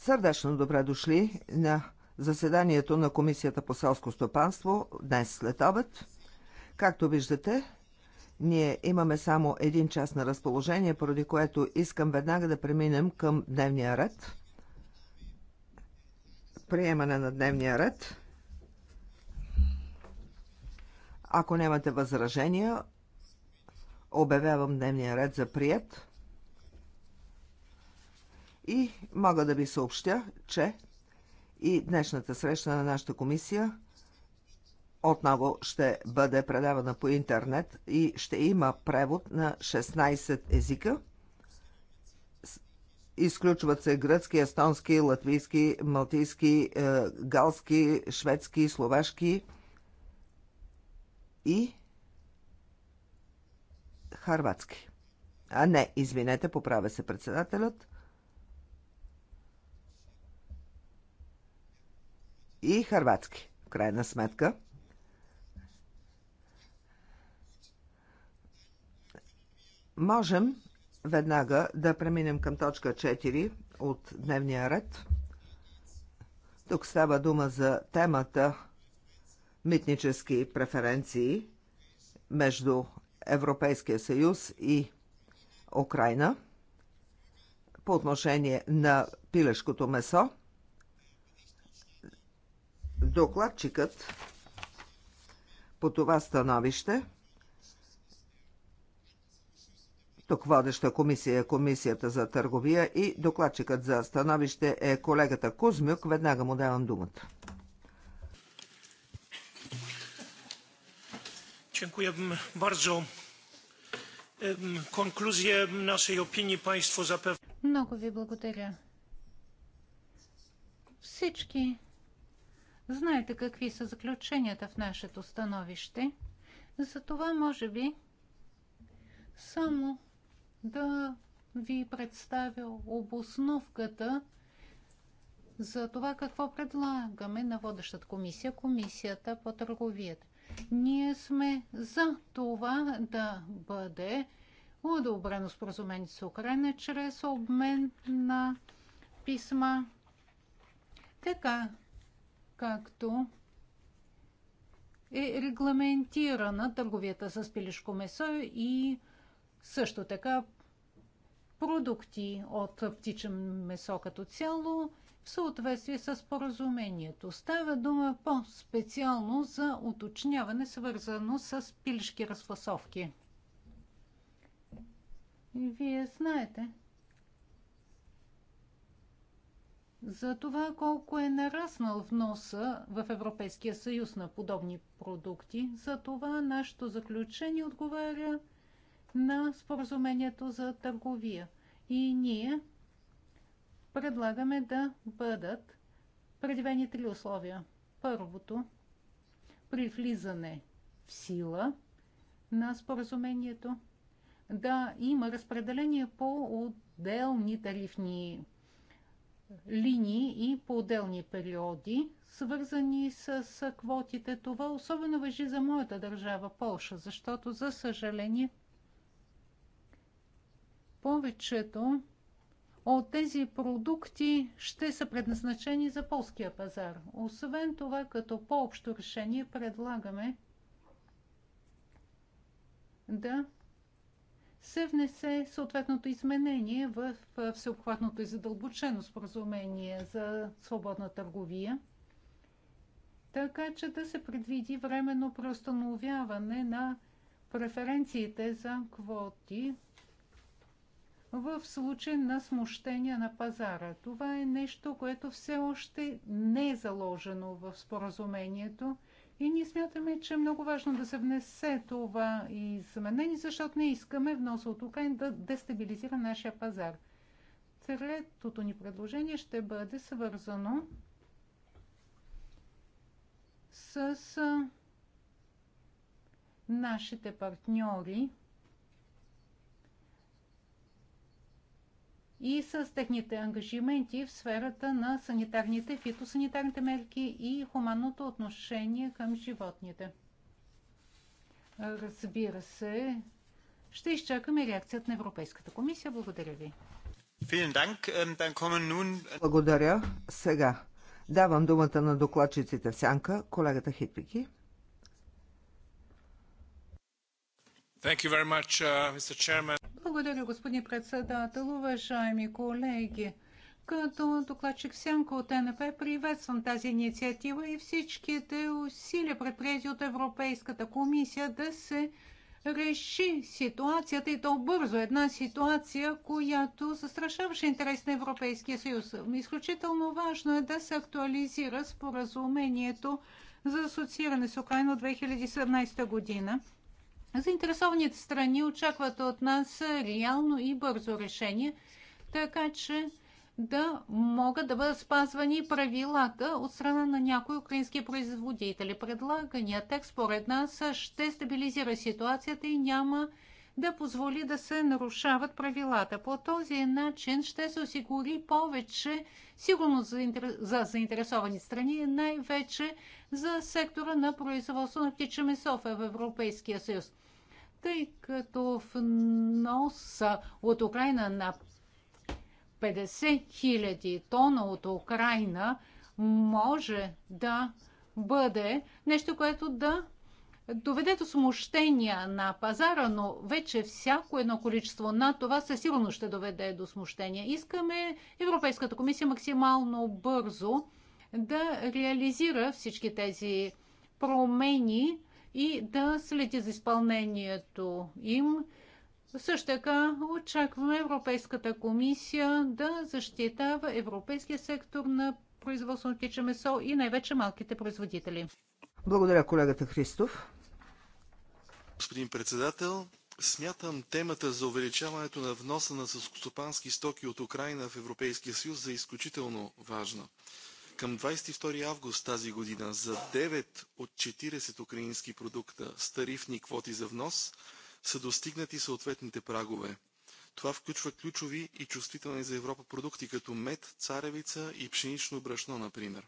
Сърдечно добре дошли на заседанието на Комисията по селско стопанство днес след обед. Както виждате, ние имаме само един час на разположение, поради което искам веднага да преминем към дневния ред. Приемане на дневния ред. Ако нямате възражения, обявявам дневния ред за прият. И мога да ви съобщя, че и днешната среща на нашата комисия отново ще бъде предавана по интернет и ще има превод на 16 езика. Изключват се гръцки, естонски, латвийски, малтийски, е, галски, шведски, словашки и харватски. А не, извинете, поправя се председателят. и харватски, в крайна сметка. Можем веднага да преминем към точка 4 от дневния ред. Тук става дума за темата митнически преференции между Европейския съюз и Украина по отношение на пилешкото месо. Докладчикът по това становище тук водеща комисия е Комисията за търговия и докладчикът за становище е колегата Кузмюк. Веднага му давам думата. Dziękuję bardzo. Konkluzję naszej opinii Państwo zapewne. Много ви благодаря. Всички Знаете какви са заключенията в нашето становище. Затова, може би, само да ви представя обосновката за това какво предлагаме на водещата комисия, комисията по търговията. Ние сме за това да бъде одобрено споразумение с Украина чрез обмен на писма. Така както е регламентирана търговията с пилешко месо и също така продукти от птичен месо като цяло в съответствие с поразумението. Става дума по-специално за уточняване, свързано с пилешки разфасовки. Вие знаете, за това колко е нараснал вноса в Европейския съюз на подобни продукти. За това нашето заключение отговаря на споразумението за търговия. И ние предлагаме да бъдат предвени три условия. Първото, при влизане в сила на споразумението, да има разпределение по отделни тарифни линии и по отделни периоди, свързани с, квотите. Това особено въжи за моята държава, Полша, защото, за съжаление, повечето от тези продукти ще са предназначени за полския пазар. Освен това, като по-общо решение предлагаме да се внесе съответното изменение в всеобхватното и задълбочено споразумение за свободна търговия, така че да се предвиди временно преустановяване на преференциите за квоти в случай на смущения на пазара. Това е нещо, което все още не е заложено в споразумението – и ние смятаме, че е много важно да се внесе това изменение, защото не искаме вноса от Украина да дестабилизира нашия пазар. Третото ни предложение ще бъде свързано с нашите партньори и с техните ангажименти в сферата на санитарните, фитосанитарните мерки и хуманното отношение към животните. Разбира се, ще изчакаме реакцията на Европейската комисия. Благодаря ви. Ähm, Благодаря. Сега давам думата на докладчиците в сянка, колегата Хитвики. Much, uh, благодаря, господин председател. Уважаеми колеги, като докладчик Сянко от НП приветствам тази инициатива и всичките усилия предприяти от Европейската комисия да се реши ситуацията и то бързо. Една ситуация, която застрашаваше интерес на Европейския съюз. Изключително важно е да се актуализира споразумението за асоцииране с Украина от 2017 година. Заинтересованите страни очакват от нас реално и бързо решение, така че да могат да бъдат спазвани правилата от страна на някои украински производители. Предлагания текст, според нас, ще стабилизира ситуацията и няма да позволи да се нарушават правилата. По този начин ще се осигури повече сигурност за, заинтересовани страни, най-вече за сектора на производство на птиче месо в Европейския съюз тъй като вноса от Украина на 50 000 тона от Украина може да бъде нещо, което да доведе до смущения на пазара, но вече всяко едно количество на това със сигурност ще доведе до смущения. Искаме Европейската комисия максимално бързо да реализира всички тези промени и да следи за изпълнението им. Също така очакваме Европейската комисия да защитава европейския сектор на производство на птиче месо и най-вече малките производители. Благодаря колегата Христов. Господин председател, смятам темата за увеличаването на вноса на съскостопански стоки от Украина в Европейския съюз за изключително важна. Към 22 август тази година за 9 от 40 украински продукта с тарифни квоти за внос са достигнати съответните прагове. Това включва ключови и чувствителни за Европа продукти, като мед, царевица и пшенично брашно, например.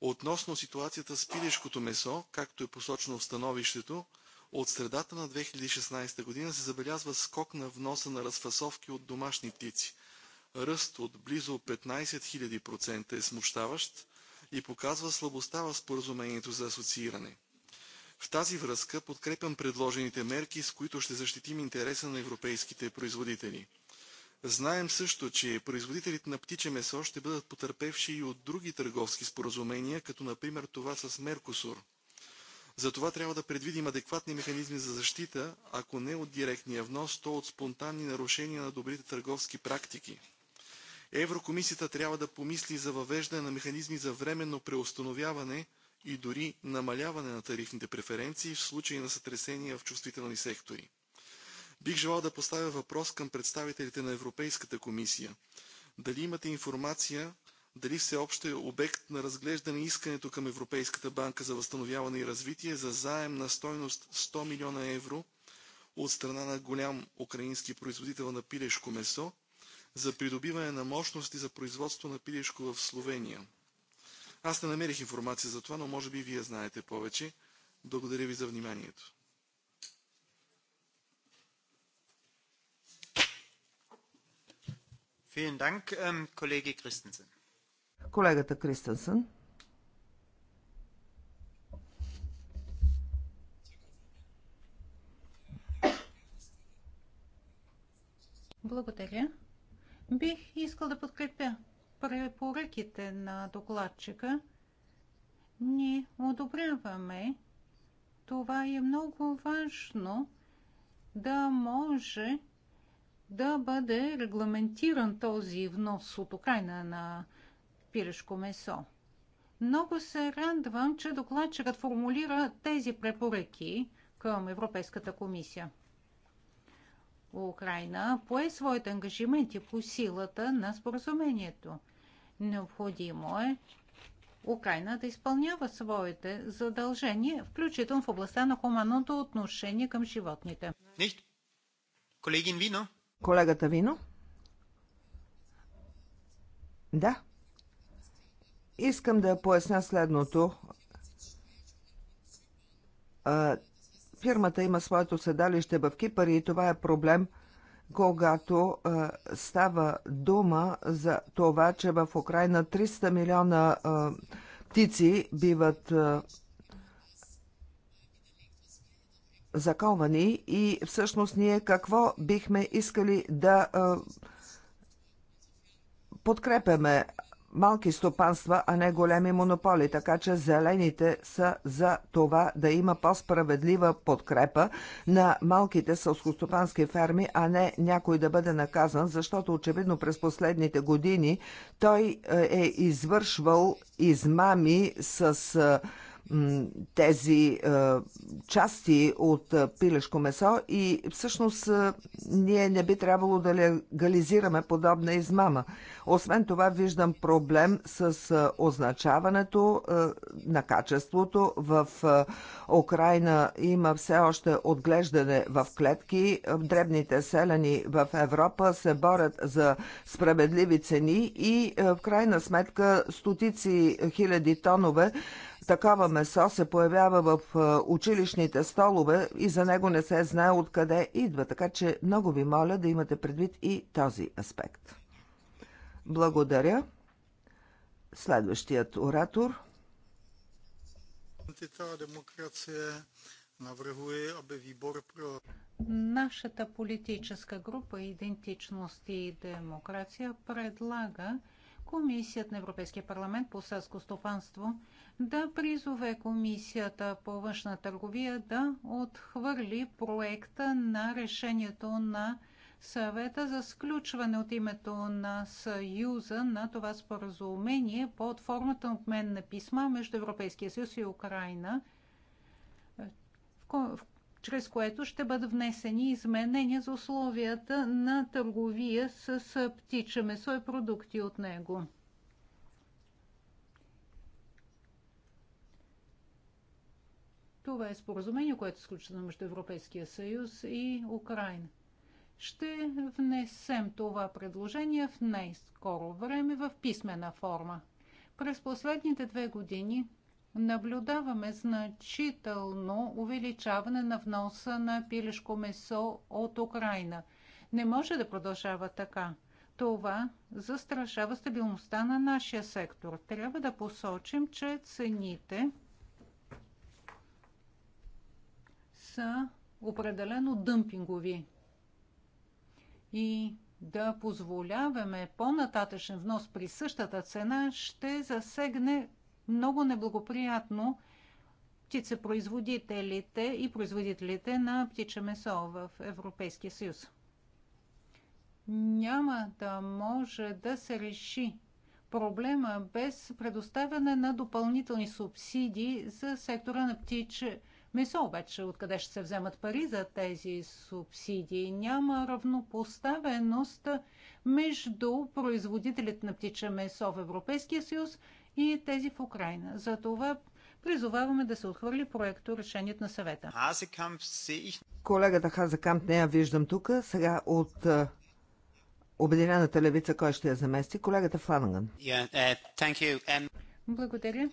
Относно ситуацията с пилешкото месо, както е посочено в становището, от средата на 2016 година се забелязва скок на вноса на разфасовки от домашни птици, ръст от близо 15 000% е смущаващ и показва слабостта в споразумението за асоцииране. В тази връзка подкрепям предложените мерки, с които ще защитим интереса на европейските производители. Знаем също, че производителите на птиче месо ще бъдат потърпевши и от други търговски споразумения, като например това с Меркосур. Затова трябва да предвидим адекватни механизми за защита, ако не от директния внос, то от спонтанни нарушения на добрите търговски практики. Еврокомисията трябва да помисли за въвеждане на механизми за временно преустановяване и дори намаляване на тарифните преференции в случай на сътресения в чувствителни сектори. Бих желал да поставя въпрос към представителите на Европейската комисия. Дали имате информация дали всеобщо е обект на разглеждане искането към Европейската банка за възстановяване и развитие за заем на стойност 100 милиона евро от страна на голям украински производител на пилешко месо за придобиване на мощности за производство на пилешко в Словения. Аз не намерих информация за това, но може би вие знаете повече. Благодаря ви за вниманието. Ähm, Колегата Кристенсен. Благодаря. Бих искал да подкрепя препоръките на докладчика. Ни одобряваме. Това е много важно да може да бъде регламентиран този внос от Украина на пирешко месо. Много се радвам, че докладчикът формулира тези препоръки към Европейската комисия. Украина пое своите ангажименти по силата на споразумението. Необходимо е Украина да изпълнява своите задължения, включително в областта на хуманното отношение към животните. Колегин Вино. Колегата Вино. Да. Искам да поясня следното Фирмата има своето седалище в Кипър и това е проблем, когато а, става дума за това, че в Украина 300 милиона а, птици биват а, заковани и всъщност ние какво бихме искали да подкрепяме, малки стопанства, а не големи монополи, така че зелените са за това да има по-справедлива подкрепа на малките сълскостопански ферми, а не някой да бъде наказан, защото очевидно през последните години той е, е извършвал измами с е, тези е, части от е, пилешко месо и всъщност е, ние не би трябвало да легализираме подобна измама. Освен това виждам проблем с означаването на качеството. В Украина има все още отглеждане в клетки. Дребните селени в Европа се борят за справедливи цени и в крайна сметка стотици хиляди тонове такова месо се появява в е, училищните столове и за него не се знае откъде идва, така че много ви моля да имате предвид и този аспект. Благодаря. Следващият оратор. Демокрация абе вибор про... Нашата политическа група Идентичност и демокрация предлага Комисията на Европейския парламент по селско стопанство да призове Комисията по външна търговия да отхвърли проекта на решението на съвета за сключване от името на Съюза на това споразумение под формата на обмен на писма между Европейския съюз и Украина, чрез което ще бъдат внесени изменения за условията на търговия с птиче месо и продукти от него. Това е споразумение, което е сключено между Европейския съюз и Украина. Ще внесем това предложение в най-скоро време в писмена форма. През последните две години наблюдаваме значително увеличаване на вноса на пилешко месо от Украина. Не може да продължава така. Това застрашава стабилността на нашия сектор. Трябва да посочим, че цените са определено дъмпингови. И да позволяваме по-нататъчен внос при същата цена ще засегне много неблагоприятно птицепроизводителите и производителите на птиче месо в Европейския съюз. Няма да може да се реши проблема без предоставяне на допълнителни субсидии за сектора на птиче месо. Обаче откъде ще се вземат пари за тези субсидии? Няма равнопоставеност между производителите на птиче месо в Европейския съюз и тези в Украина. Затова призоваваме да се отхвърли проекто решението на съвета. Колегата Хазакамп не я виждам тук. Сега от Обединената левица, кой ще я замести? Колегата Фланган. Uh, Благодаря.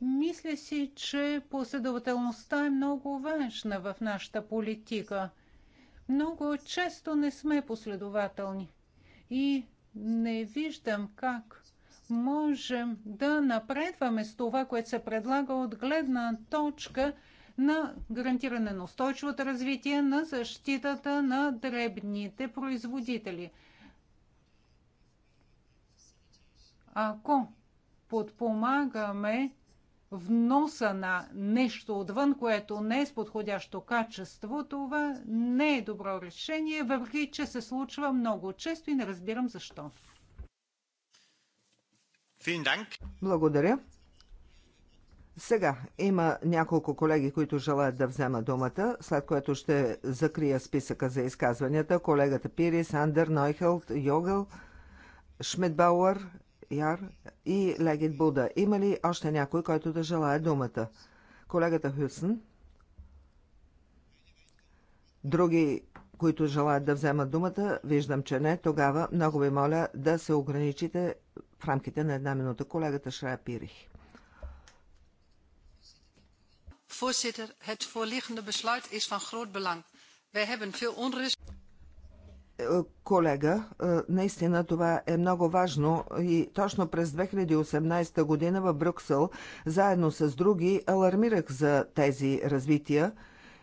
Мисля си, че последователността е много важна в нашата политика. Много често не сме последователни и не виждам как можем да напредваме с това, което се предлага от гледна точка на гарантиране на устойчивото развитие на защитата на дребните производители. Ако подпомагаме вноса на нещо отвън, което не е с подходящо качество, това не е добро решение, въпреки че се случва много често и не разбирам защо. Благодаря. Сега има няколко колеги, които желаят да вземат думата, след което ще закрия списъка за изказванията. Колегата Пирис, Андер, Нойхелт, Йогъл, Шмидбауър, Яр, и Легит Буда. Има ли още някой, който да желая думата? Колегата Хюсен. Други, които желаят да вземат думата, виждам, че не. Тогава много ви моля да се ограничите в рамките на една минута. Колегата Шрая Пирих. Voorzitter, het voorliggende besluit is van groot belang. Wij hebben veel onrust колега, е, наистина това е много важно и точно през 2018 година в Брюксел, заедно с други, алармирах за тези развития –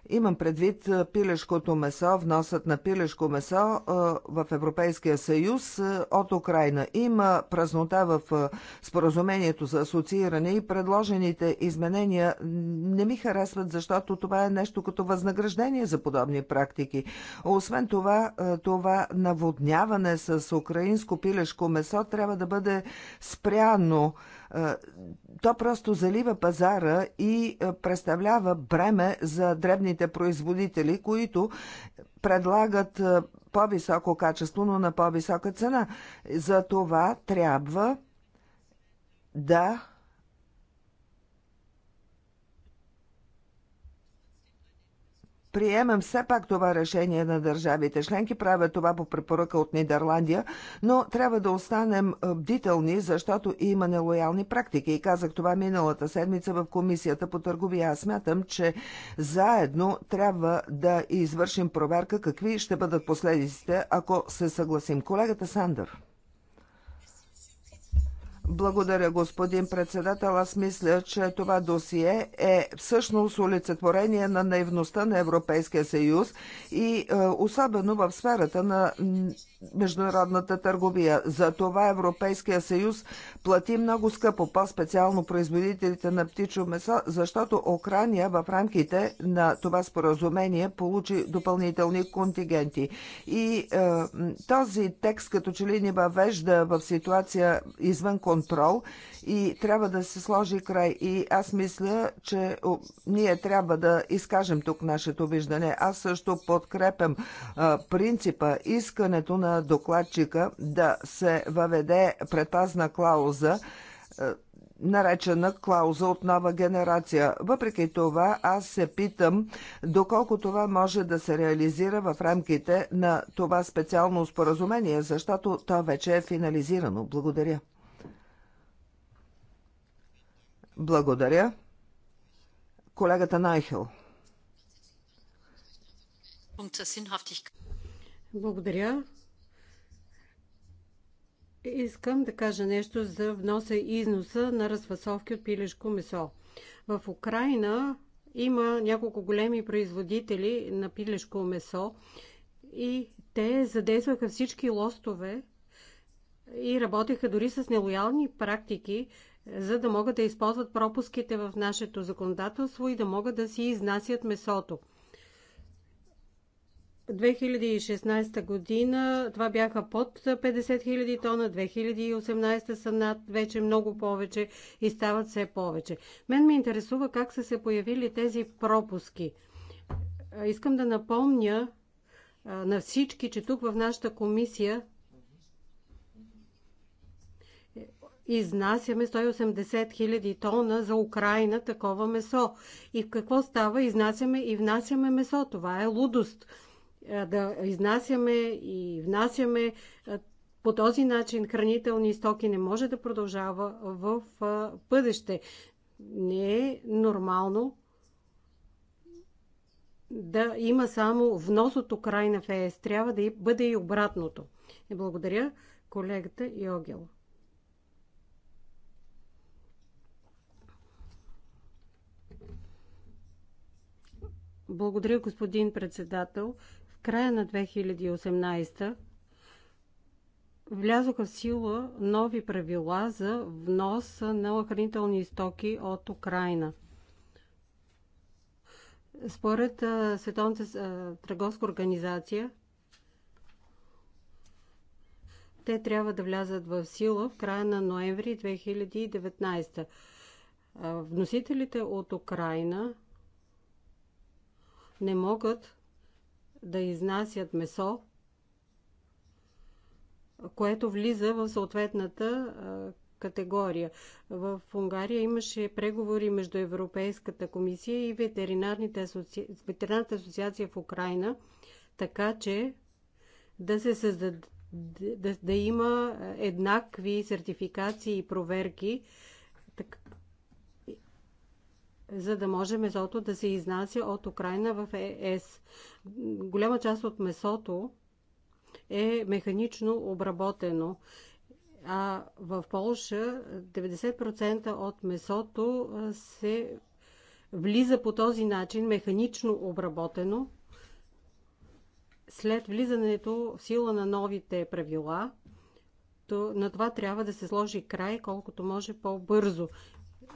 Имам предвид пилешкото месо, вносът на пилешко месо в Европейския съюз от Украина. Има празнота в споразумението за асоцииране и предложените изменения не ми харесват, защото това е нещо като възнаграждение за подобни практики. Освен това, това наводняване с украинско пилешко месо трябва да бъде спряно то просто залива пазара и е, представлява бреме за дребните производители, които предлагат е, по-високо качество, но на по-висока цена. За това трябва да Приемам все пак това решение на държавите членки, правя това по препоръка от Нидерландия, но трябва да останем бдителни, защото има нелоялни практики. И казах това миналата седмица в Комисията по търговия. Аз смятам, че заедно трябва да извършим проверка какви ще бъдат последиците, ако се съгласим. Колегата Сандър. Благодаря, господин председател. Аз мисля, че това досие е всъщност олицетворение на наивността на Европейския съюз и е, особено в сферата на международната търговия. За това Европейския съюз плати много скъпо, по-специално производителите на птичо месо, защото Украина в рамките на това споразумение получи допълнителни контингенти. И е, този текст като че ли ни въвежда в ситуация извън контекста контрол и трябва да се сложи край. И аз мисля, че ние трябва да изкажем тук нашето виждане. Аз също подкрепям принципа искането на докладчика да се въведе предпазна клауза наречена клауза от нова генерация. Въпреки това, аз се питам доколко това може да се реализира в рамките на това специално споразумение, защото то вече е финализирано. Благодаря. Благодаря. Колегата Найхел. Благодаря. Искам да кажа нещо за вноса и износа на разфасовки от пилешко месо. В Украина има няколко големи производители на пилешко месо и те задействаха всички лостове и работеха дори с нелоялни практики, за да могат да използват пропуските в нашето законодателство и да могат да си изнасят месото. 2016 година това бяха под 50 000 тона, 2018 са над вече много повече и стават все повече. Мен ме интересува как са се появили тези пропуски. Искам да напомня на всички, че тук в нашата комисия изнасяме 180 хиляди тона за Украина такова месо. И в какво става? Изнасяме и внасяме месо. Това е лудост. Е, да изнасяме и внасяме е, по този начин хранителни стоки не може да продължава в е, бъдеще. Не е нормално да има само внос от Украина в ЕС. Трябва да бъде и обратното. благодаря колегата Йогел. Благодаря, господин председател. В края на 2018 влязоха в сила нови правила за внос на охранителни стоки от Украина. Според Световната търговска организация, те трябва да влязат в сила в края на ноември 2019. Вносителите от Украина не могат да изнасят месо, което влиза в съответната категория. В Унгария имаше преговори между Европейската комисия и Ветеринарната асоци... асоциация в Украина, така че да се създад... да, да има еднакви сертификации и проверки, так, за да може месото да се изнася от Украина в ЕС. Е Голяма част от месото е механично обработено. А в Полша 90% от месото се влиза по този начин, механично обработено. След влизането в сила на новите правила, то на това трябва да се сложи край колкото може по-бързо.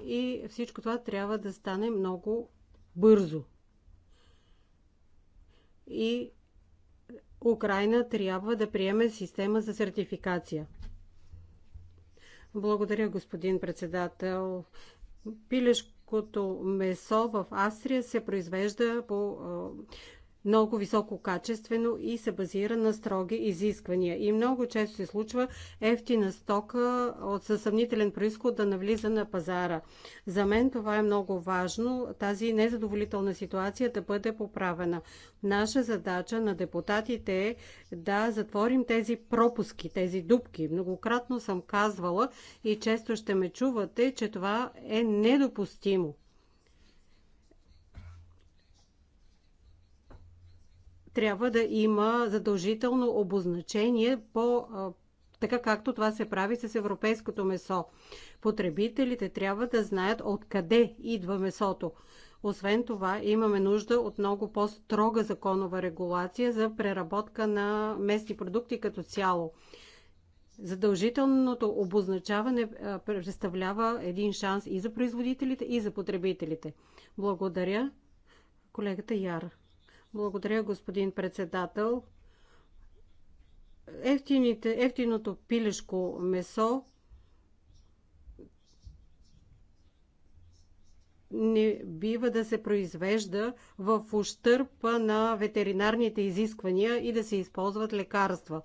И всичко това трябва да стане много бързо. И Украина трябва да приеме система за сертификация. Благодаря, господин председател. Пилешкото месо в Австрия се произвежда по много високо качествено и се базира на строги изисквания. И много често се случва ефтина стока от съсъмнителен происход да навлиза на пазара. За мен това е много важно, тази незадоволителна ситуация да бъде поправена. Наша задача на депутатите е да затворим тези пропуски, тези дупки. Многократно съм казвала и често ще ме чувате, че това е недопустимо. трябва да има задължително обозначение по така както това се прави с европейското месо. Потребителите трябва да знаят откъде идва месото. Освен това, имаме нужда от много по-строга законова регулация за преработка на местни продукти като цяло. Задължителното обозначаване представлява един шанс и за производителите, и за потребителите. Благодаря, колегата Яра. Благодаря, господин председател. Ефтините, ефтиното пилешко месо не бива да се произвежда в ущърпа на ветеринарните изисквания и да се използват лекарства.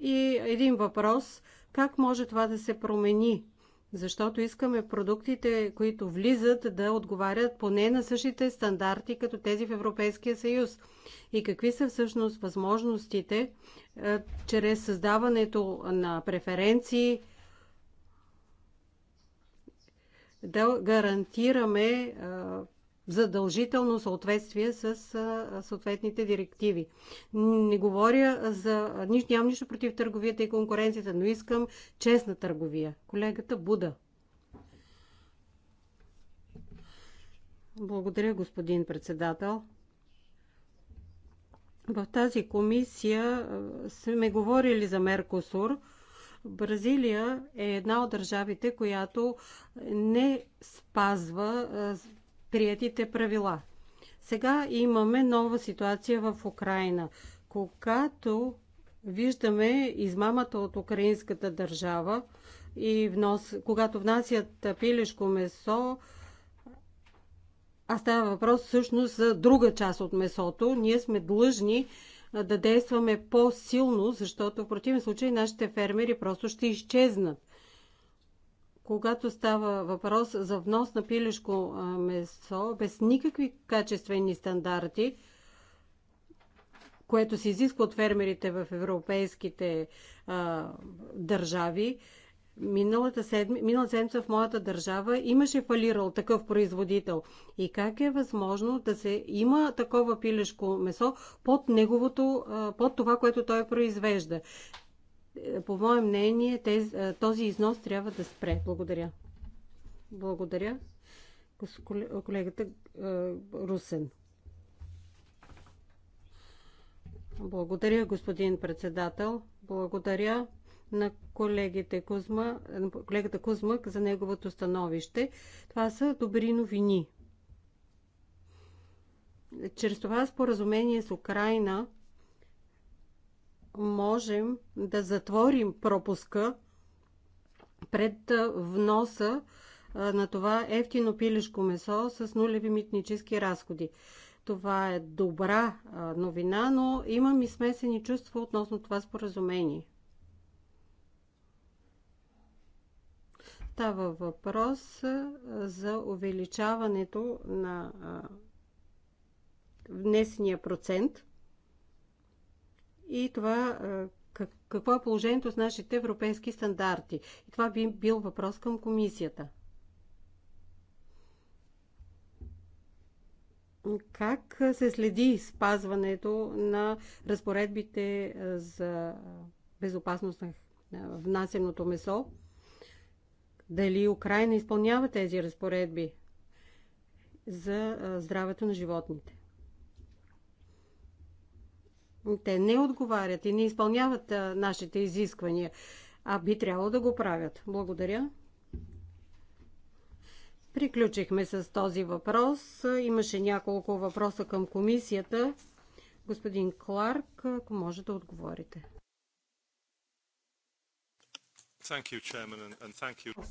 И един въпрос – как може това да се промени? защото искаме продуктите, които влизат, да отговарят поне на същите стандарти, като тези в Европейския съюз. И какви са всъщност възможностите е, чрез създаването на преференции да гарантираме е, задължително съответствие с съответните директиви. Не говоря за... Нямам нищо против търговията и конкуренцията, но искам честна търговия. Колегата Буда. Благодаря, господин председател. В тази комисия сме говорили за Меркосур. Бразилия е една от държавите, която не спазва приятите правила. Сега имаме нова ситуация в Украина. Когато виждаме измамата от украинската държава и внос, когато внасят пилешко месо, а става въпрос всъщност за друга част от месото, ние сме длъжни да действаме по-силно, защото в противен случай нашите фермери просто ще изчезнат когато става въпрос за внос на пилешко месо без никакви качествени стандарти, което се изисква от фермерите в европейските а, държави. Миналата, седми, минал седмица в моята държава имаше фалирал такъв производител. И как е възможно да се има такова пилешко месо под, неговото, под това, което той произвежда? по мое мнение, тез, този износ трябва да спре. Благодаря. Благодаря. Колегата Русен. Благодаря, господин председател. Благодаря на колегите Кузма, колегата Кузмък за неговото становище. Това са добри новини. Чрез това споразумение с Украина – можем да затворим пропуска пред вноса на това ефтино пилешко месо с нулеви митнически разходи. Това е добра новина, но имам и смесени чувства относно това споразумение. Става въпрос за увеличаването на внесения процент – и това какво е положението с нашите европейски стандарти. И това би бил въпрос към комисията. Как се следи спазването на разпоредбите за безопасност на внасеното месо? Дали Украина изпълнява тези разпоредби за здравето на животните? те не отговарят и не изпълняват нашите изисквания, а би трябвало да го правят. Благодаря. Приключихме с този въпрос. Имаше няколко въпроса към комисията. Господин Кларк, ако може да отговорите.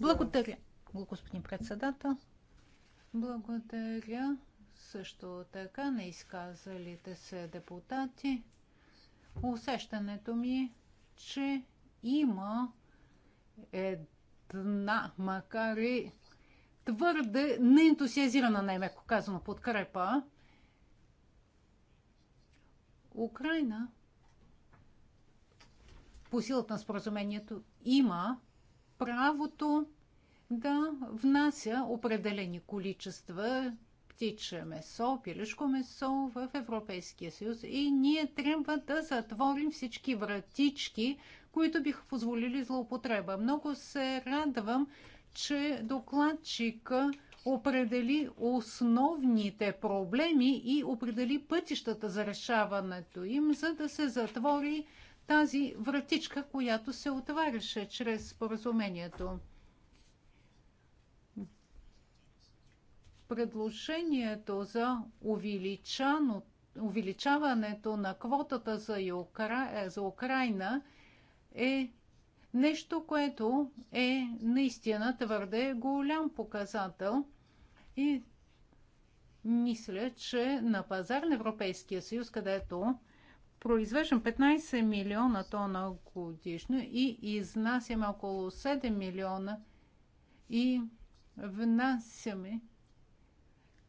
Благодаря, господин председател. Благодаря също така на изказалите се депутати усещането ми, че има една, макар и твърде неентусиазирана, най-меко казано, подкрепа. Украина по силата на споразумението има правото да внася определени количества птиче месо, пилешко месо в Европейския съюз и ние трябва да затворим всички вратички, които биха позволили злоупотреба. Много се радвам, че докладчика определи основните проблеми и определи пътищата за решаването им, за да се затвори тази вратичка, която се отваряше чрез споразумението. предложението за увеличаването на квотата за, Укра... Е, за Украина е нещо, което е наистина твърде голям показател и мисля, че на пазар на Европейския съюз, където произвеждам 15 милиона тона годишно и изнасяме около 7 милиона и внасяме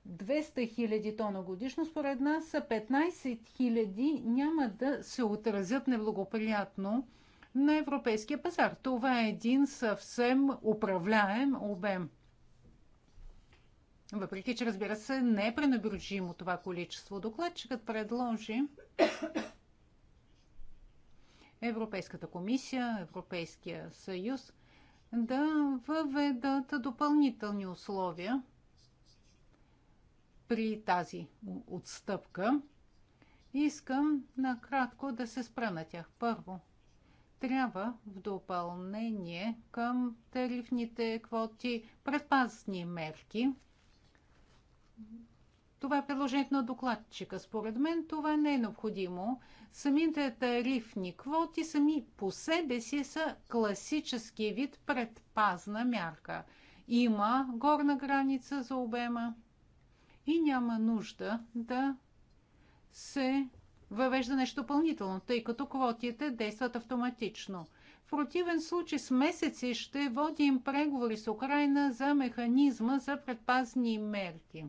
200 000 тона годишно, според нас 15 000 няма да се отразят неблагоприятно на европейския пазар. Това е един съвсем управляем обем. Въпреки, че разбира се, не е пренебрежимо това количество. Докладчикът предложи Европейската комисия, Европейския съюз да въведат допълнителни условия – при тази отстъпка. Искам накратко да се спра на тях. Първо, трябва в допълнение към тарифните квоти предпазни мерки. Това е предложението на докладчика. Според мен това не е необходимо. Самите тарифни квоти сами по себе си са класически вид предпазна мярка. Има горна граница за обема и няма нужда да се въвежда нещо допълнително, тъй като квотите действат автоматично. В противен случай с месеци ще водим преговори с Украина за механизма за предпазни мерки.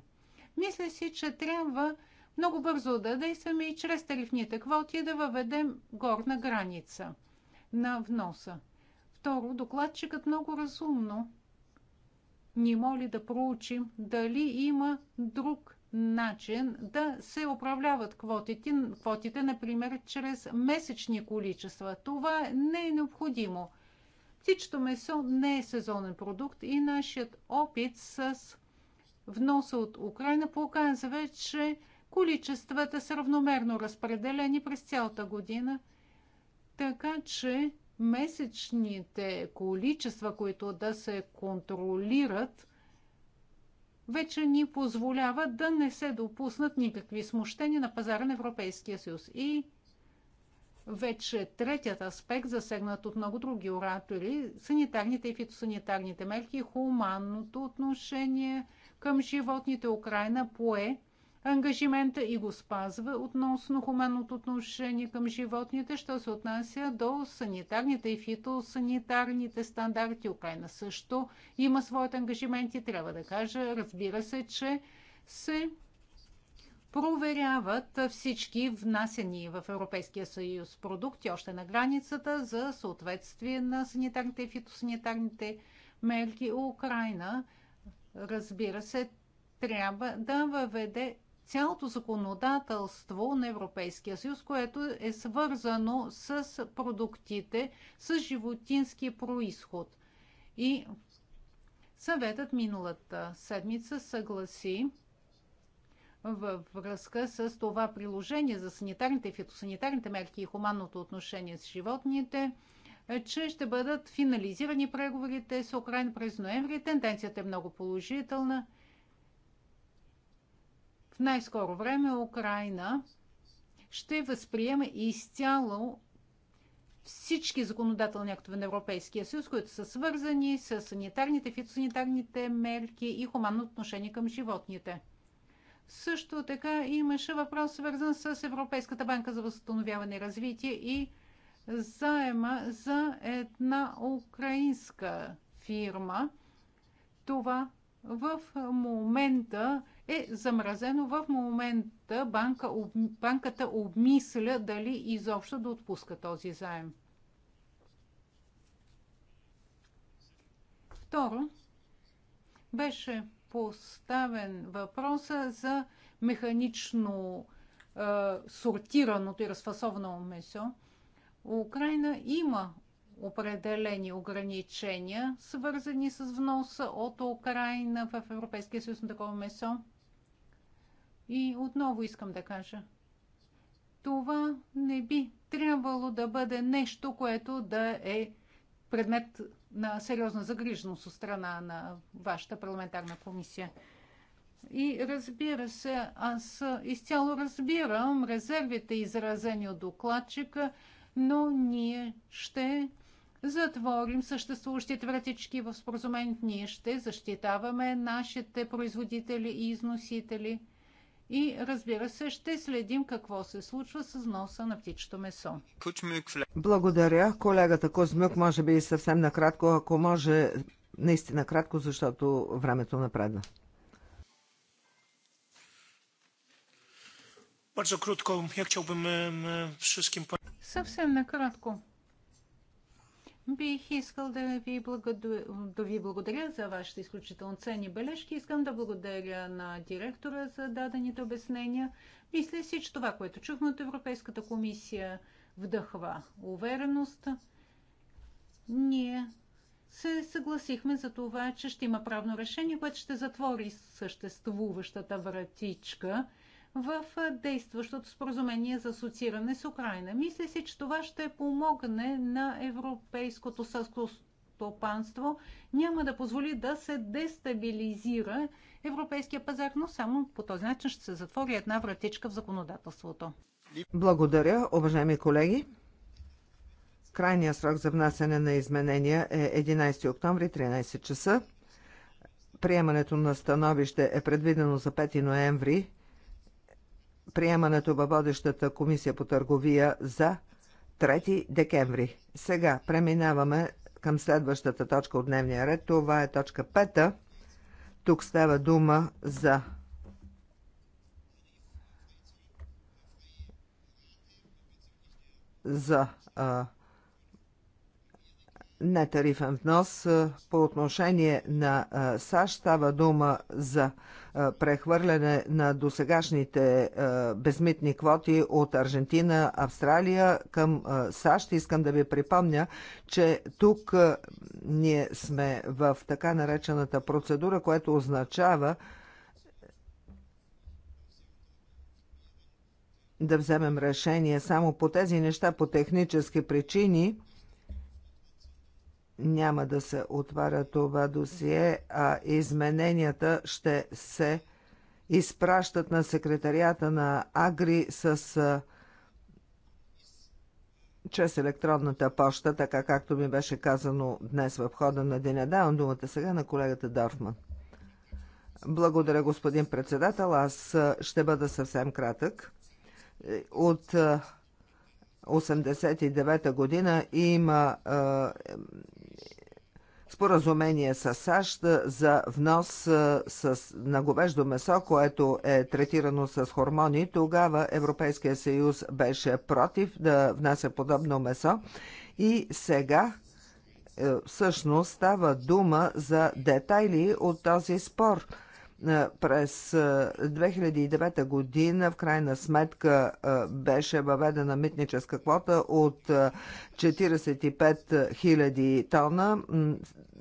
Мисля си, че трябва много бързо да действаме и чрез тарифните квоти да въведем горна граница на вноса. Второ, докладчикът много разумно ни моли да проучим дали има друг начин да се управляват квотите, квотите, например, чрез месечни количества. Това не е необходимо. Птичето месо не е сезонен продукт и нашият опит с вноса от Украина показва, че количествата са равномерно разпределени през цялата година, така че месечните количества, които да се контролират, вече ни позволяват да не се допуснат никакви смущения на пазара на Европейския съюз. И вече третият аспект, засегнат от много други оратори, санитарните и фитосанитарните мерки, хуманното отношение към животните. Украина пое ангажимента и го спазва относно хуманното отношение към животните, що се отнася до санитарните и фитосанитарните стандарти. Украина също има своят ангажимент и трябва да кажа, разбира се, че се проверяват всички внасени в Европейския съюз продукти още на границата за съответствие на санитарните и фитосанитарните мерки. Украина, разбира се, трябва да въведе цялото законодателство на Европейския съюз, което е свързано с продуктите с животински происход. И съветът миналата седмица съгласи във връзка с това приложение за санитарните и фитосанитарните мерки и хуманното отношение с животните, че ще бъдат финализирани преговорите с Украина през ноември. Тенденцията е много положителна в най-скоро време Украина ще възприеме изцяло всички законодателни актове на Европейския съюз, които са свързани с санитарните, фитосанитарните мерки и хуманно отношение към животните. Също така имаше въпрос, свързан с Европейската банка за възстановяване и развитие и заема за една украинска фирма. Това в момента е замразено. В момента банка, банката обмисля дали изобщо да отпуска този заем. Второ, беше поставен въпроса за механично е, сортираното и разфасовано месо. Украина има определени ограничения, свързани с вноса от Украина в Европейския съюз на такова месо. И отново искам да кажа, това не би трябвало да бъде нещо, което да е предмет на сериозна загриженост от страна на вашата парламентарна комисия. И разбира се, аз изцяло разбирам резервите, изразени от докладчика, но ние ще затворим съществуващите вратички в споразумението, ние ще защитаваме нашите производители и износители и разбира се ще следим какво се случва с носа на птичето месо. Благодаря. Колегата Кузмюк може би съвсем накратко, ако може наистина кратко, защото времето напредна. Съвсем накратко. Бих искал да ви, благодаря, да ви благодаря за вашите изключително ценни бележки. Искам да благодаря на директора за дадените обяснения. Мисля си, че това, което чухме от Европейската комисия, вдъхва увереност. Ние се съгласихме за това, че ще има правно решение, което ще затвори съществуващата вратичка в действащото споразумение за асоцииране с Украина. Мисля си, че това ще помогне на европейското съскостопанство. Няма да позволи да се дестабилизира европейския пазар, но само по този начин ще се затвори една вратичка в законодателството. Благодаря, уважаеми колеги. Крайният срок за внасяне на изменения е 11 октомври, 13 часа. Приемането на становище е предвидено за 5 ноември приемането във водещата комисия по търговия за 3 декември. Сега преминаваме към следващата точка от дневния ред. Това е точка 5. Тук става дума за за а, нетарифен внос. По отношение на САЩ става дума за прехвърляне на досегашните безмитни квоти от Аржентина, Австралия към САЩ. Искам да ви припомня, че тук ние сме в така наречената процедура, което означава да вземем решение само по тези неща по технически причини – няма да се отваря това досие, а измененията ще се изпращат на секретарията на Агри с чрез електронната поща, така както ми беше казано днес в хода на деня. Давам думата сега на колегата Дорфман. Благодаря, господин председател. Аз ще бъда съвсем кратък. От 1989 година има споразумение с САЩ за внос с, на говеждо месо, което е третирано с хормони. Тогава Европейския съюз беше против да внася подобно месо и сега е, всъщност става дума за детайли от този спор – е, през 2009 е, година в крайна сметка е, беше въведена митническа квота от 45 000 тона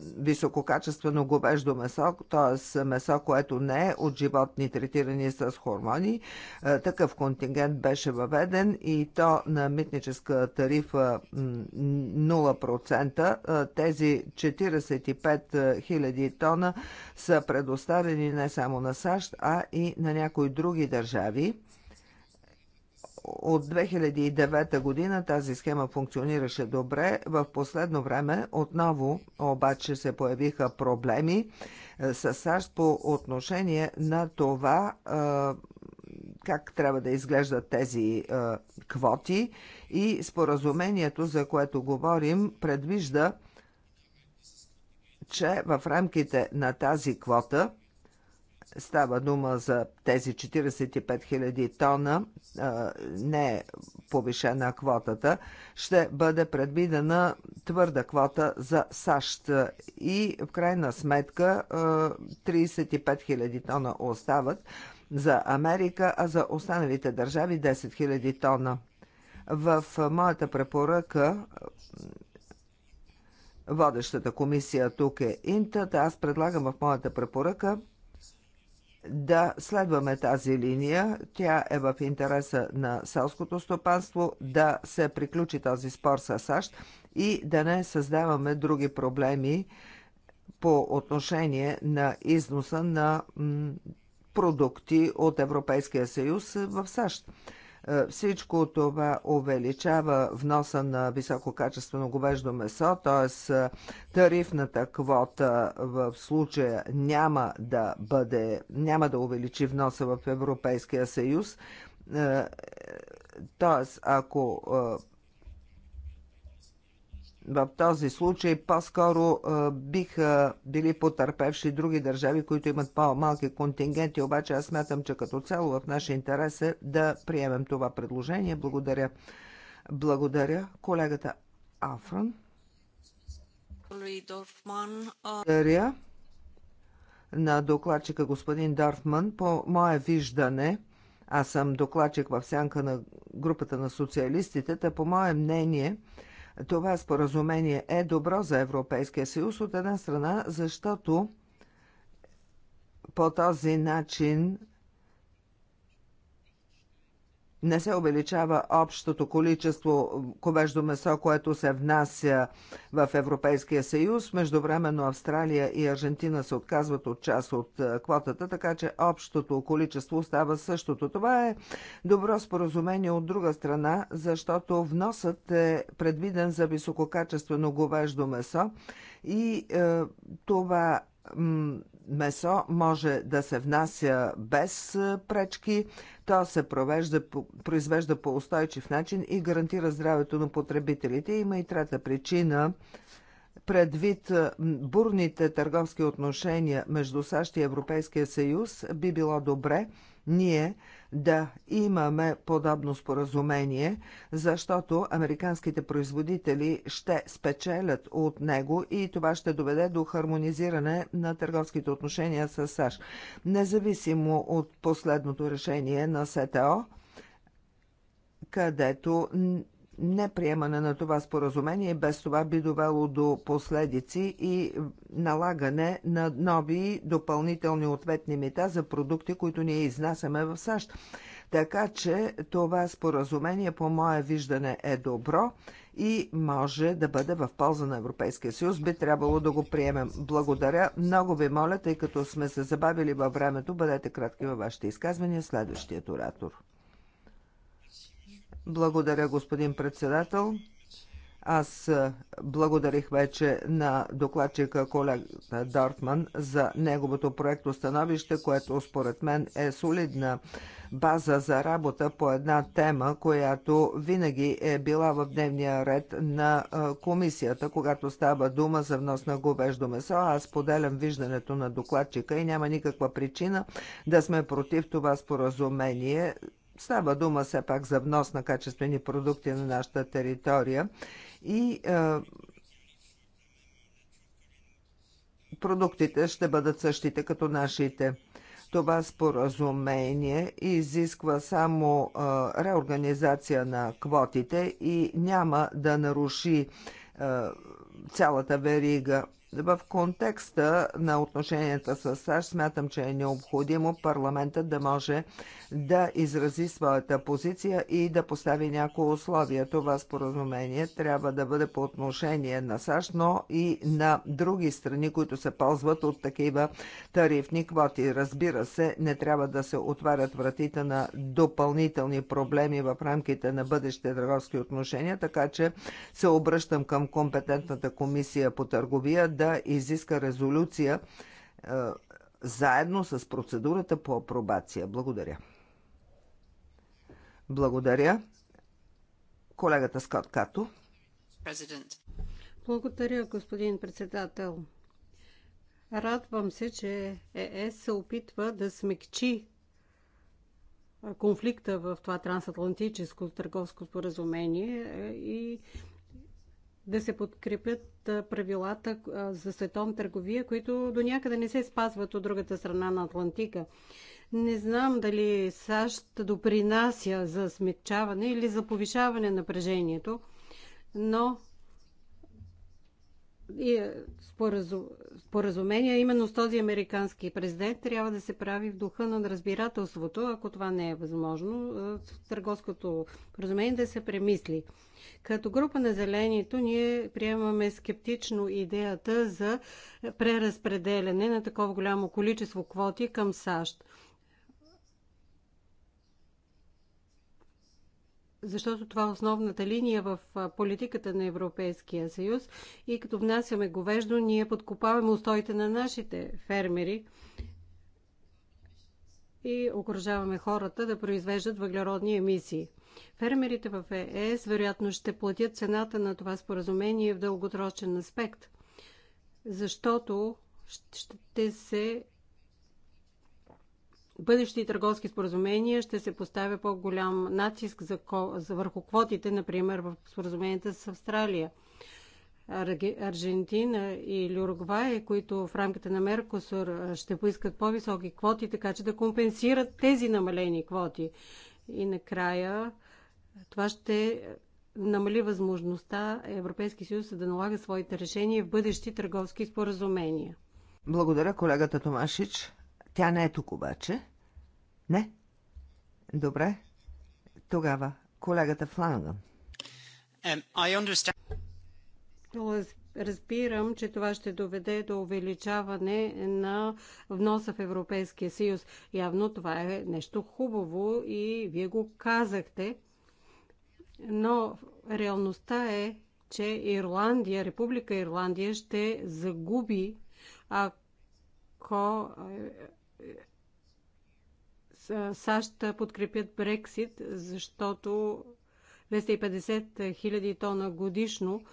висококачествено говеждо месо, т.е. месо, което не е от животни третирани с хормони. Е, такъв контингент беше въведен и то на митническа тарифа 0%. Е, тези 45 000 е, тона са предоставени не само на САЩ, а и на някои други държави от 2009 година тази схема функционираше добре. В последно време отново обаче се появиха проблеми е, с САЩ по отношение на това е, как трябва да изглеждат тези е, квоти и споразумението, за което говорим, предвижда, че в рамките на тази квота – става дума за тези 45 000 тона, не е повишена квотата, ще бъде предвидена твърда квота за САЩ и в крайна сметка 35 000 тона остават за Америка, а за останалите държави 10 000 тона. В моята препоръка Водещата комисия тук е Интът. Аз предлагам в моята препоръка да следваме тази линия. Тя е в интереса на селското стопанство да се приключи този спор с САЩ и да не създаваме други проблеми по отношение на износа на продукти от Европейския съюз в САЩ. Всичко това увеличава вноса на висококачествено говеждо месо, т.е. тарифната квота в случая няма да бъде, няма да увеличи вноса в Европейския съюз. Е, т.е. ако е, в този случай по-скоро биха били потърпевши други държави, които имат по-малки контингенти, обаче аз смятам, че като цяло в наши интерес е да приемем това предложение. Благодаря. Благодаря колегата Афран. Благодаря на докладчика господин Дорфман. По мое виждане, аз съм докладчик в сянка на групата на социалистите, та по мое мнение – това споразумение е добро за Европейския съюз от една страна, защото по този начин не се увеличава общото количество ковеждо месо, което се внася в Европейския съюз. Междувременно Австралия и Аржентина се отказват от част от е, квотата, така че общото количество остава същото. Това е добро споразумение от друга страна, защото вносът е предвиден за висококачествено говеждо месо и е, това месо може да се внася без е, пречки. То се провежда, произвежда по устойчив начин и гарантира здравето на потребителите. Има и трета причина. Предвид е, бурните търговски отношения между САЩ и Европейския съюз, би било добре ние да имаме подобно споразумение, защото американските производители ще спечелят от него и това ще доведе до хармонизиране на търговските отношения с САЩ. Независимо от последното решение на СТО, където неприемане на това споразумение без това би довело до последици и налагане на нови допълнителни ответни мета за продукти, които ние изнасяме в САЩ. Така че това споразумение, по мое виждане, е добро и може да бъде в полза на Европейския съюз. Би трябвало да го приемем. Благодаря. Много ви моля, тъй като сме се забавили във времето, бъдете кратки във вашите изказвания. Следващият оратор. Благодаря, господин председател. Аз благодарих вече на докладчика колега Дортман за неговото проекто становище, което според мен е солидна база за работа по една тема, която винаги е била в дневния ред на комисията, когато става дума за внос на говеждо месо. Аз поделям виждането на докладчика и няма никаква причина да сме против това споразумение Става дума все пак за внос на качествени продукти на нашата територия и е, продуктите ще бъдат същите като нашите. Това споразумение изисква само а, реорганизация на квотите и няма да наруши а, цялата верига. В контекста на отношенията с САЩ смятам, че е необходимо парламентът да може да изрази своята позиция и да постави някои условия. Това споразумение трябва да бъде по отношение на САЩ, но и на други страни, които се ползват от такива тарифни квоти. Разбира се, не трябва да се отварят вратите на допълнителни проблеми в рамките на бъдещите търговски отношения, така че се обръщам към компетентната комисия по търговия да да изиска резолюция е, заедно с процедурата по апробация. Благодаря. Благодаря. Колегата Скот Като. Благодаря, господин председател. Радвам се, че ЕС се опитва да смекчи конфликта в това трансатлантическо търговско споразумение и да се подкрепят правилата за световна търговия, които до някъде не се спазват от другата страна на Атлантика. Не знам дали САЩ допринася за смягчаване или за повишаване напрежението, но е, споразумение, именно с този американски президент, трябва да се прави в духа на разбирателството, ако това не е възможно, е, в търговското споразумение да се премисли. Като група на зелението ние приемаме скептично идеята за преразпределяне на такова голямо количество квоти към САЩ. защото това е основната линия в политиката на Европейския съюз и като внасяме говеждо, ние подкопаваме устоите на нашите фермери и окружаваме хората да произвеждат въглеродни емисии. Фермерите в ЕС вероятно ще платят цената на това споразумение в дългосрочен аспект, защото ще се бъдещи търговски споразумения ще се поставя по-голям натиск за, за върху квотите, например в споразуменията с Австралия. Аржентина или Люргвай, които в рамките на Меркосур ще поискат по-високи квоти, така че да компенсират тези намалени квоти. И накрая това ще намали възможността Европейски съюз да налага своите решения в бъдещи търговски споразумения. Благодаря колегата Томашич. Тя не е тук обаче. Не? Добре. Тогава колегата Фланга. Разбирам, че това ще доведе до увеличаване на вноса в Европейския съюз. Явно това е нещо хубаво и вие го казахте, но реалността е, че Ирландия, Република Ирландия ще загуби, ако САЩ подкрепят Брексит, защото 250 хиляди тона годишно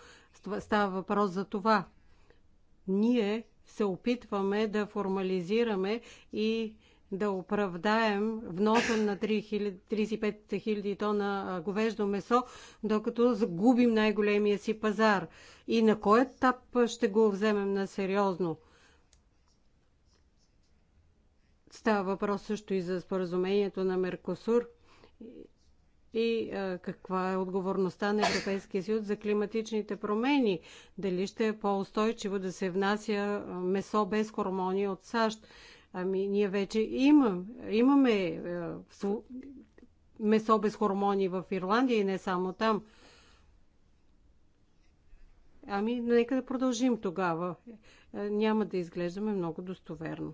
става въпрос за това. Ние се опитваме да формализираме и да оправдаем вноса на 35 000 тона говеждо месо, докато загубим най-големия си пазар. И на кой етап ще го вземем на сериозно? Става въпрос също и за споразумението на Меркосур и а, каква е отговорността на Европейския съюз за климатичните промени. Дали ще е по-устойчиво да се внася месо без хормони от САЩ? Ами, ние вече има, имаме а, месо без хормони в Ирландия и не само там. Ами, нека да продължим тогава. Е, няма да изглеждаме много достоверно.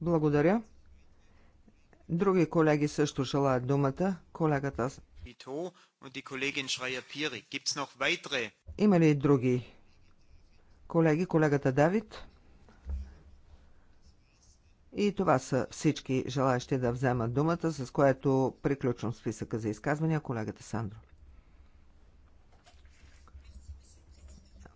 Благодаря. Други колеги също желаят думата. Колегата. Има ли други колеги? Колегата Давид. И това са всички желаящи да вземат думата, с което приключвам списъка за изказвания. Колегата Сандро.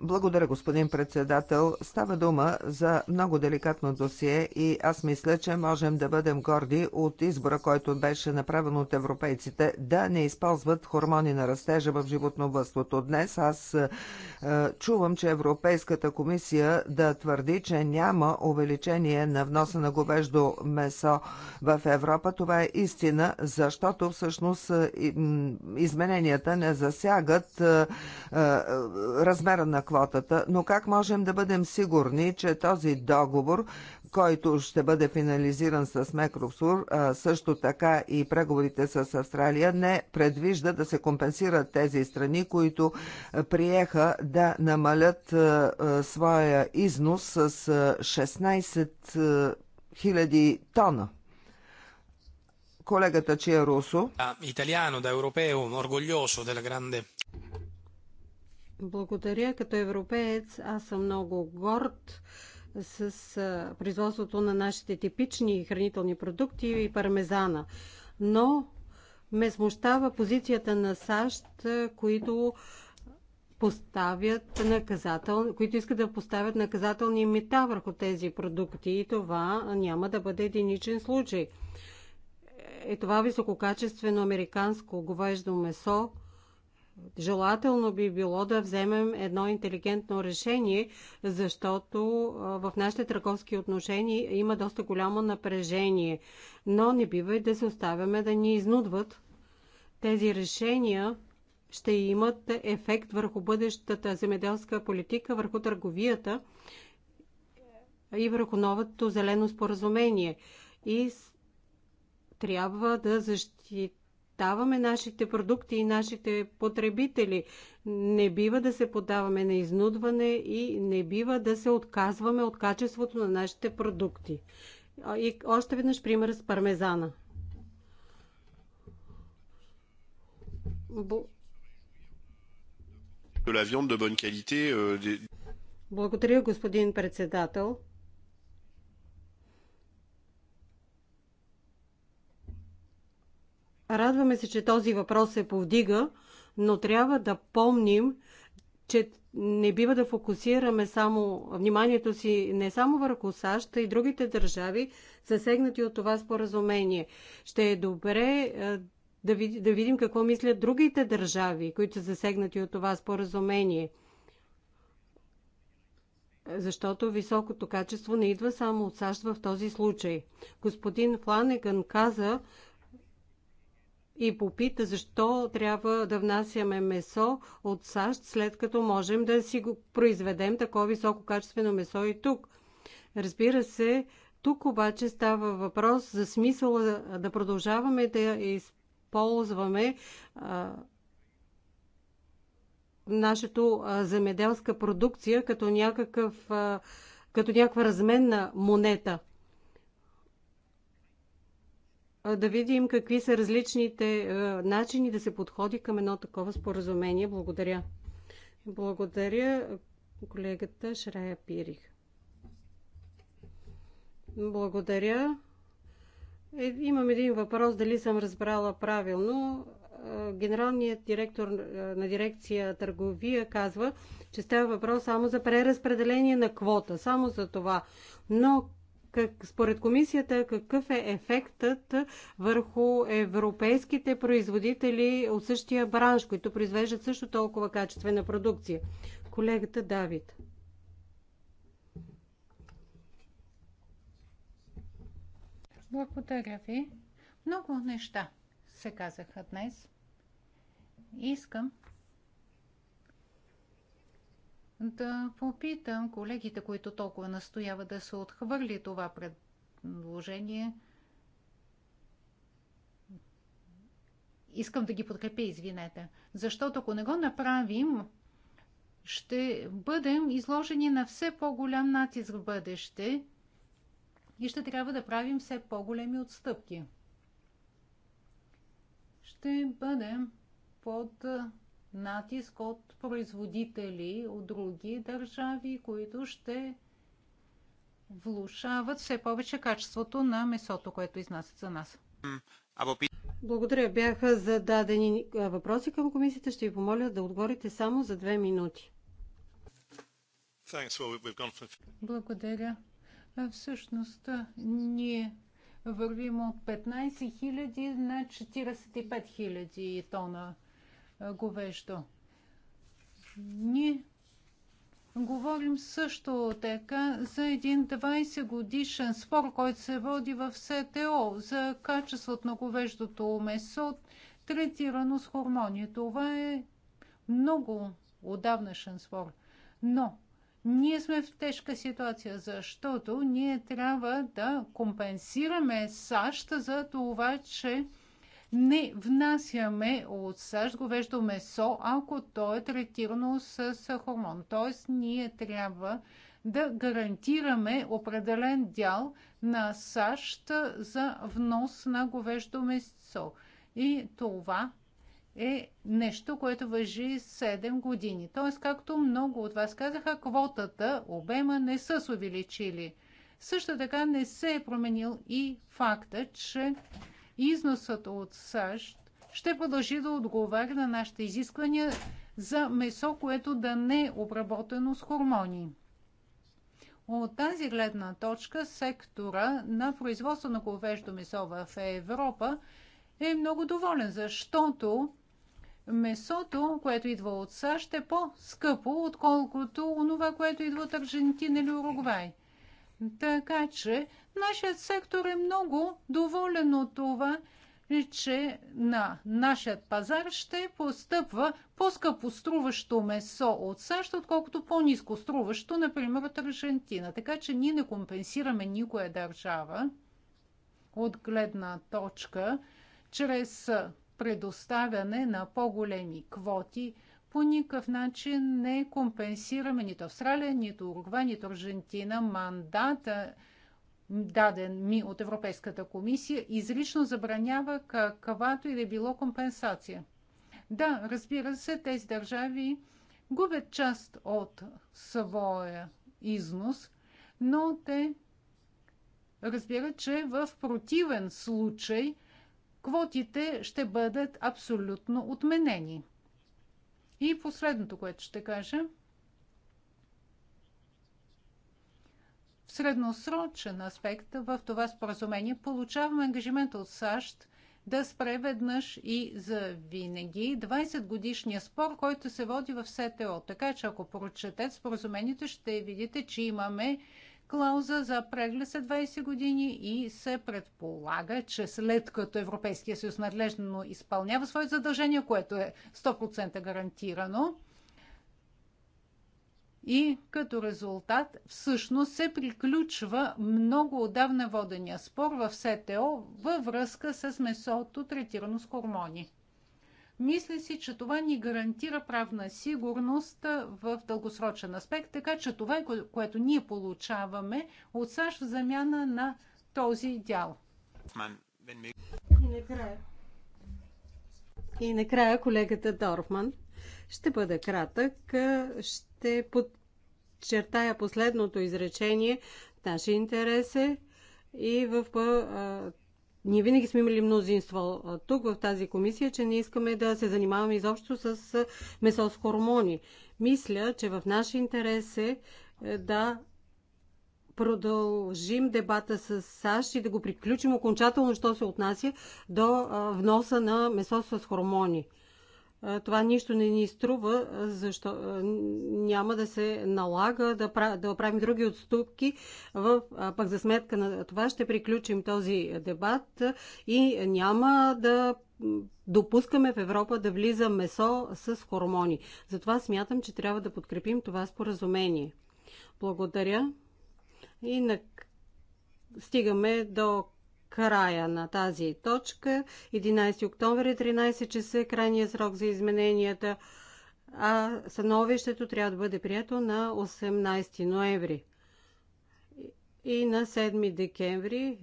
Благодаря, господин председател. Става дума за много деликатно досие и аз мисля, че можем да бъдем горди от избора, който беше направен от европейците да не използват хормони на растежа в животновътството. Днес аз е, чувам, че Европейската комисия да твърди, че няма увеличение на вноса на говеждо месо в Европа. Това е истина, защото всъщност е, измененията не засягат е, е, размера на квотата, но как можем да бъдем сигурни, че този договор, който ще бъде финализиран с Мекросур, също така и преговорите с Австралия, не предвижда да се компенсират тези страни, които приеха да намалят своя износ с 16 000 тона колегата Чия Русо. италиано, да europeo, orgoglioso della grande благодаря. Като европеец аз съм много горд с производството на нашите типични хранителни продукти и пармезана. Но ме смущава позицията на САЩ, които поставят наказател, които искат да поставят наказателни мета върху тези продукти и това няма да бъде единичен случай. Е това висококачествено американско говеждо месо – Желателно би било да вземем едно интелигентно решение, защото в нашите търговски отношения има доста голямо напрежение. Но не бива и да се оставяме да ни изнудват. Тези решения ще имат ефект върху бъдещата земеделска политика, върху търговията и върху новото зелено споразумение. И трябва да защитим защитаваме нашите продукти и нашите потребители. Не бива да се подаваме на изнудване и не бива да се отказваме от качеството на нашите продукти. И още веднъж пример с пармезана. Euh, Благодаря, господин председател. Радваме се, че този въпрос се повдига, но трябва да помним, че не бива да фокусираме само вниманието си не само върху САЩ, а и другите държави, засегнати от това споразумение. Ще е добре е, да, ви, да видим какво мислят другите държави, които са засегнати от това споразумение. Защото високото качество не идва само от САЩ в този случай. Господин Фланеган каза, и попита защо трябва да внасяме месо от САЩ, след като можем да си го произведем такова висококачествено месо и тук. Разбира се, тук обаче става въпрос за смисъл да, да продължаваме да използваме а, нашето а, земеделска продукция като някакъв а, като някаква разменна монета да видим какви са различните начини да се подходи към едно такова споразумение. Благодаря. Благодаря колегата Шрая Пирих. Благодаря. Е, имам един въпрос, дали съм разбрала правилно. Генералният директор на дирекция търговия казва, че става въпрос само за преразпределение на квота, само за това. Но как, според комисията какъв е ефектът върху европейските производители от същия бранш, които произвеждат също толкова качествена продукция? Колегата Давид. Благодаря ви. Много неща се казаха днес. Искам да попитам колегите, които толкова настояват да се отхвърли това предложение. Искам да ги подкрепя, извинете. Защото ако не го направим, ще бъдем изложени на все по-голям натиск в бъдеще и ще трябва да правим все по-големи отстъпки. Ще бъдем под натиск от производители от други държави, които ще влушават все повече качеството на месото, което изнасят за нас. Благодаря. Бяха зададени въпроси към комисията. Ще ви помоля да отговорите само за две минути. Благодаря. Всъщност, ние вървим от 15 000 на 45 000 тона говеждо. Ние говорим също така за един 20 годишен спор, който се води в СТО за качеството на говеждото месо, третирано с хормони. Това е много отдавнашен спор. Но ние сме в тежка ситуация, защото ние трябва да компенсираме САЩ за това, че не внасяме от САЩ говеждо месо, ако то е третирано с хормон. Т.е. ние трябва да гарантираме определен дял на САЩ за внос на говеждо месо. И това е нещо, което въжи 7 години. Т.е. както много от вас казаха, квотата, обема не са се увеличили. Също така не се е променил и факта, че износът от САЩ ще продължи да отговаря на нашите изисквания за месо, което да не е обработено с хормони. От тази гледна точка сектора на производство на говеждо месо в Европа е много доволен, защото месото, което идва от САЩ, е по-скъпо, отколкото онова, което идва от Аржентина или Уругвай – така че нашият сектор е много доволен от това, че на нашият пазар ще постъпва по-скъпо струващо месо от САЩ, отколкото по-низко струващо, например, от Аржентина. Така че ние не компенсираме никоя държава от гледна точка чрез предоставяне на по-големи квоти – по никакъв начин не компенсираме нито Австралия, нито Уругвай, нито Аржентина мандата, даден ми от Европейската комисия, изрично забранява каквато и да е било компенсация. Да, разбира се, тези държави губят част от своя износ, но те разбират, че в противен случай квотите ще бъдат абсолютно отменени. И последното, което ще кажа, в средносрочен аспект в това споразумение получаваме ангажимент от САЩ да спре веднъж и за винаги 20 годишния спор, който се води в СТО. Така че ако прочетете споразумението, ще видите, че имаме клауза за преглед след 20 години и се предполага, че след като Европейския съюз надлежно изпълнява свое задължение, което е 100% гарантирано, и като резултат всъщност се приключва много отдавна водения спор в СТО във връзка с месото третирано с хормони. Мисля си, че това ни гарантира правна сигурност в дългосрочен аспект, така че това е което ние получаваме от САЩ в замяна на този дял. И накрая. И накрая колегата Дорфман. Ще бъде кратък. Ще подчертая последното изречение. Наши интерес е и в ние винаги сме имали мнозинство тук в тази комисия, че не искаме да се занимаваме изобщо с месо с хормони. Мисля, че в наш интерес е, е да продължим дебата с САЩ и да го приключим окончателно, що се отнася до вноса на месо с хормони това нищо не ни струва, защо няма да се налага да, прав, да правим други отступки. В, пък за сметка на това ще приключим този дебат и няма да допускаме в Европа да влиза месо с хормони. Затова смятам, че трябва да подкрепим това споразумение. Благодаря. И на... стигаме до края на тази точка. 11 октомври, 13 часа е крайния срок за измененията, а становището трябва да бъде прието на 18 ноември. И на 7 декември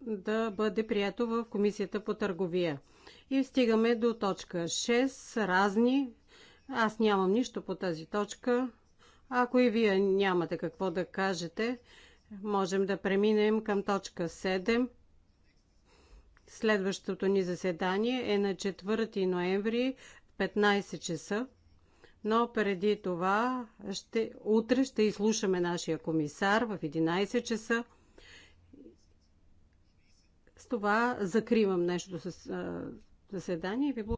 да бъде прието в Комисията по търговия. И стигаме до точка 6. Разни. Аз нямам нищо по тази точка. Ако и вие нямате какво да кажете, можем да преминем към точка 7. Следващото ни заседание е на 4 ноември в 15 часа. Но преди това, ще, утре ще изслушаме нашия комисар в 11 часа. С това закривам нещо с заседание и ви благодаря.